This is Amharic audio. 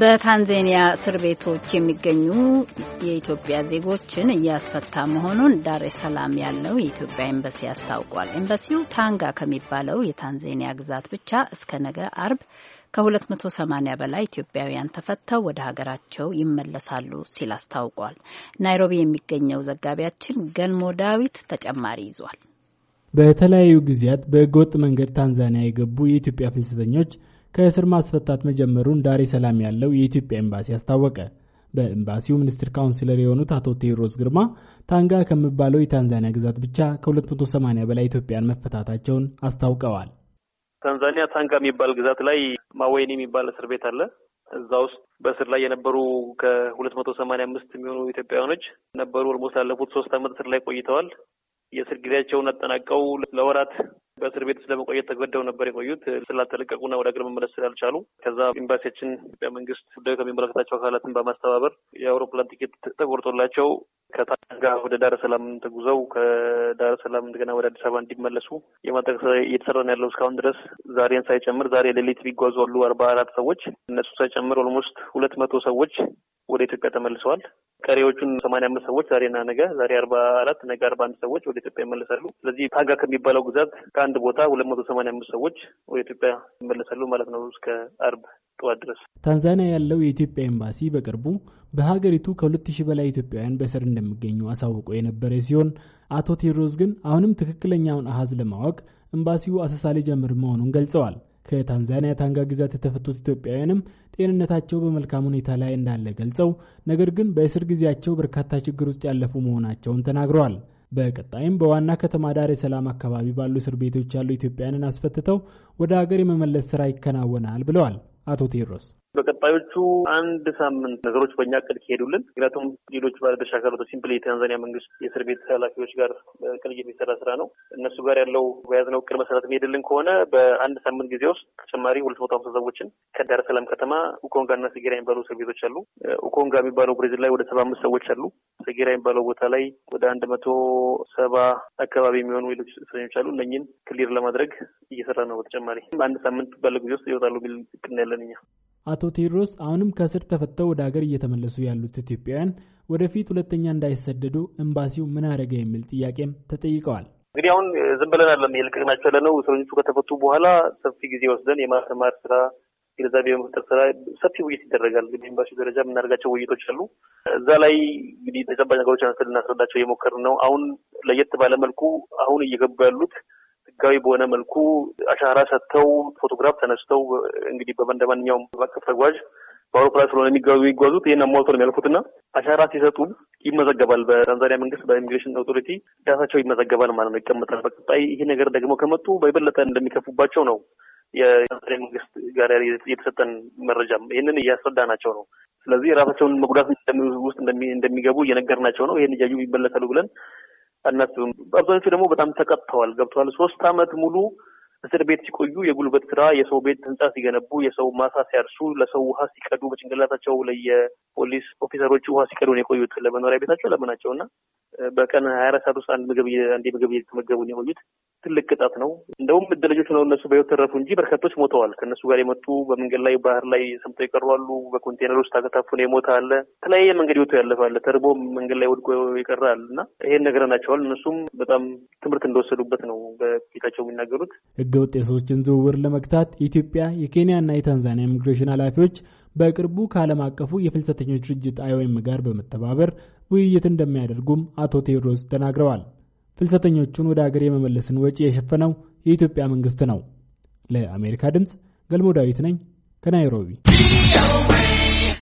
በታንዜኒያ እስር ቤቶች የሚገኙ የኢትዮጵያ ዜጎችን እያስፈታ መሆኑን ዳሬ ሰላም ያለው የኢትዮጵያ ኤምባሲ አስታውቋል። ኤምባሲው ታንጋ ከሚባለው የታንዜኒያ ግዛት ብቻ እስከ ነገ አርብ ከ280 በላይ ኢትዮጵያውያን ተፈተው ወደ ሀገራቸው ይመለሳሉ ሲል አስታውቋል። ናይሮቢ የሚገኘው ዘጋቢያችን ገልሞ ዳዊት ተጨማሪ ይዟል። በተለያዩ ጊዜያት በህገወጥ መንገድ ታንዛኒያ የገቡ የኢትዮጵያ ፍልሰተኞች ከእስር ማስፈታት መጀመሩን ዳሬ ሰላም ያለው የኢትዮጵያ ኤምባሲ አስታወቀ። በኤምባሲው ሚኒስትር ካውንስለር የሆኑት አቶ ቴዎድሮስ ግርማ ታንጋ ከሚባለው የታንዛኒያ ግዛት ብቻ ከ280 በላይ ኢትዮጵያን መፈታታቸውን አስታውቀዋል። ታንዛኒያ ታንጋ የሚባል ግዛት ላይ ማወይኒ የሚባል እስር ቤት አለ። እዛ ውስጥ በእስር ላይ የነበሩ ከሁለት መቶ ሰማንያ አምስት የሚሆኑ ኢትዮጵያውያኖች ነበሩ። ኦልሞስት ላለፉት ሶስት ዓመት እስር ላይ ቆይተዋል። የእስር ጊዜያቸውን አጠናቀው ለወራት በእስር ቤት ስለመቆየት ተገደው ነበር የቆዩት ስላልተለቀቁና ወደ ሀገር መመለስ ስላልቻሉ። ከዛ ኤምባሲያችን ኢትዮጵያ መንግስት ጉዳዩ ከሚመለከታቸው አካላትን በማስተባበር የአውሮፕላን ቲኬት ተቆርጦላቸው ከታንጋ ወደ ዳረ ሰላም ተጉዘው ከዳረ ሰላም እንደገና ወደ አዲስ አበባ እንዲመለሱ የማድረግ እየተሰራ ነው ያለው። እስካሁን ድረስ ዛሬን ሳይጨምር ዛሬ ሌሊት ቢጓዙ አሉ አርባ አራት ሰዎች እነሱ ሳይጨምር ኦልሞስት ሁለት መቶ ሰዎች ወደ ኢትዮጵያ ተመልሰዋል። ቀሪዎቹን ሰማንያ አምስት ሰዎች ዛሬና ነገ ዛሬ አርባ አራት ነገ አርባ አንድ ሰዎች ወደ ኢትዮጵያ ይመለሳሉ። ስለዚህ ፓጋ ከሚባለው ግዛት ከአንድ ቦታ ሁለት መቶ ሰማንያ አምስት ሰዎች ወደ ኢትዮጵያ ይመለሳሉ ማለት ነው እስከ አርብ ጠዋት ድረስ። ታንዛኒያ ያለው የኢትዮጵያ ኤምባሲ በቅርቡ በሀገሪቱ ከሁለት ሺህ በላይ ኢትዮጵያውያን በእስር እንደሚገኙ አሳውቆ የነበረ ሲሆን አቶ ቴዎድሮስ ግን አሁንም ትክክለኛውን አሀዝ ለማወቅ ኤምባሲው አሰሳ ሊጀምር መሆኑን ገልጸዋል። ከታንዛኒያ ታንጋ ግዛት የተፈቱት ኢትዮጵያውያንም ጤንነታቸው በመልካም ሁኔታ ላይ እንዳለ ገልጸው ነገር ግን በእስር ጊዜያቸው በርካታ ችግር ውስጥ ያለፉ መሆናቸውን ተናግረዋል። በቀጣይም በዋና ከተማ ዳር የሰላም አካባቢ ባሉ እስር ቤቶች ያሉ ኢትዮጵያውያንን አስፈትተው ወደ ሀገር የመመለስ ስራ ይከናወናል ብለዋል አቶ ቴዎድሮስ። በቀጣዮቹ አንድ ሳምንት ነገሮች በእኛ ቅድ ከሄዱልን፣ ምክንያቱም ሌሎች ባለድርሻ አካላት ሲምፕል የታንዛኒያ መንግስት የእስር ቤት ኃላፊዎች ጋር ቅል የሚሰራ ስራ ነው። እነሱ ጋር ያለው በያዝነው ቅድ መሰረት የሚሄድልን ከሆነ በአንድ ሳምንት ጊዜ ውስጥ ተጨማሪ ሁለት መቶ ሀምሳ ሰዎችን ከዳር ሰላም ከተማ ኡኮንጋ እና ሰጌራ የሚባሉ እስር ቤቶች አሉ። ኡኮንጋ የሚባለው ብሬዚል ላይ ወደ ሰባ አምስት ሰዎች አሉ። ሰጌራ የሚባለው ቦታ ላይ ወደ አንድ መቶ ሰባ አካባቢ የሚሆኑ ሌሎች እስረኞች አሉ። እነኝን ክሊር ለማድረግ እየሰራ ነው። በተጨማሪ አንድ ሳምንት ባለው ጊዜ ውስጥ ይወጣሉ የሚል እቅድ ያለን እኛ። አቶ ቴዎድሮስ አሁንም ከእስር ተፈተው ወደ ሀገር እየተመለሱ ያሉት ኢትዮጵያውያን ወደፊት ሁለተኛ እንዳይሰደዱ ኤምባሲው ምን አደረገ የሚል ጥያቄም ተጠይቀዋል። እንግዲህ አሁን ዝም ብለን አለም የለቀቅናቸው ያለ ነው። እስረኞቹ ከተፈቱ በኋላ ሰፊ ጊዜ ወስደን የማስተማር ስራ፣ ግንዛቤ የመፍጠር ስራ፣ ሰፊ ውይይት ይደረጋል። እንግዲህ ኤምባሲው ደረጃ የምናደርጋቸው ውይይቶች አሉ። እዛ ላይ እንግዲህ ተጨባጭ ነገሮች ልናስረዳቸው እየሞከርን ነው። አሁን ለየት ባለመልኩ አሁን እየገቡ ያሉት ህጋዊ በሆነ መልኩ አሻራ ሰጥተው ፎቶግራፍ ተነስተው እንግዲህ በበንደ ማንኛውም አቀፍ ተጓዥ በአውሮፕላን ስለሆነ የሚጓዙት ይህን አሟልቶ ነው የሚያልፉትና አሻራ ሲሰጡ ይመዘገባል። በታንዛኒያ መንግስት በኢሚግሬሽን አውቶሪቲ ዳታቸው ይመዘገባል ማለት ነው፣ ይቀመጣል። በቀጣይ ይሄ ነገር ደግሞ ከመጡ በይበለጠ እንደሚከፉባቸው ነው የታንዛኒያ መንግስት ጋር የተሰጠን መረጃም ይህንን እያስረዳ ናቸው ነው። ስለዚህ ራሳቸውን መጉዳት ውስጥ እንደሚገቡ እየነገር ናቸው ነው። ይህን እያዩ ይመለሳሉ ብለን እነሱ አብዛኞቹ ደግሞ በጣም ተቀጥተዋል፣ ገብተዋል። ሶስት አመት ሙሉ እስር ቤት ሲቆዩ የጉልበት ስራ፣ የሰው ቤት ህንጻ ሲገነቡ፣ የሰው ማሳ ሲያርሱ፣ ለሰው ውሃ ሲቀዱ፣ በጭንቅላታቸው ለየፖሊስ ኦፊሰሮች ውሃ ሲቀዱ ነው የቆዩት ለመኖሪያ ቤታቸው ለመናቸው እና በቀን ሀያ አራት ሰዓት ውስጥ አንድ ምግብ አንድ ምግብ እየተመገቡ ነው የቆዩት። ትልቅ ቅጣት ነው። እንደውም እድለኞች ነው እነሱ በህይወት ተረፉ እንጂ በርካቶች ሞተዋል። ከእነሱ ጋር የመጡ በመንገድ ላይ ባህር ላይ ሰምተው ይቀሯሉ። በኮንቴነር ውስጥ አከታፉ ነው የሞተ አለ። የተለያየ መንገድ ህይወቱ ያለፋለ ተርቦ መንገድ ላይ ወድቆ የቀረ አለ እና ይሄን ነግረናቸዋል። እነሱም በጣም ትምህርት እንደወሰዱበት ነው በፊታቸው የሚናገሩት። ህገ ወጥ የሰዎችን ዝውውር ለመግታት ኢትዮጵያ፣ የኬንያ የኬንያና የታንዛኒያ ኢሚግሬሽን ኃላፊዎች በቅርቡ ከዓለም አቀፉ የፍልሰተኞች ድርጅት አይኦኤም ጋር በመተባበር ውይይት እንደሚያደርጉም አቶ ቴዎድሮስ ተናግረዋል። ፍልሰተኞቹን ወደ አገር የመመለስን ወጪ የሸፈነው የኢትዮጵያ መንግስት ነው። ለአሜሪካ ድምፅ ገልሞ ዳዊት ነኝ ከናይሮቢ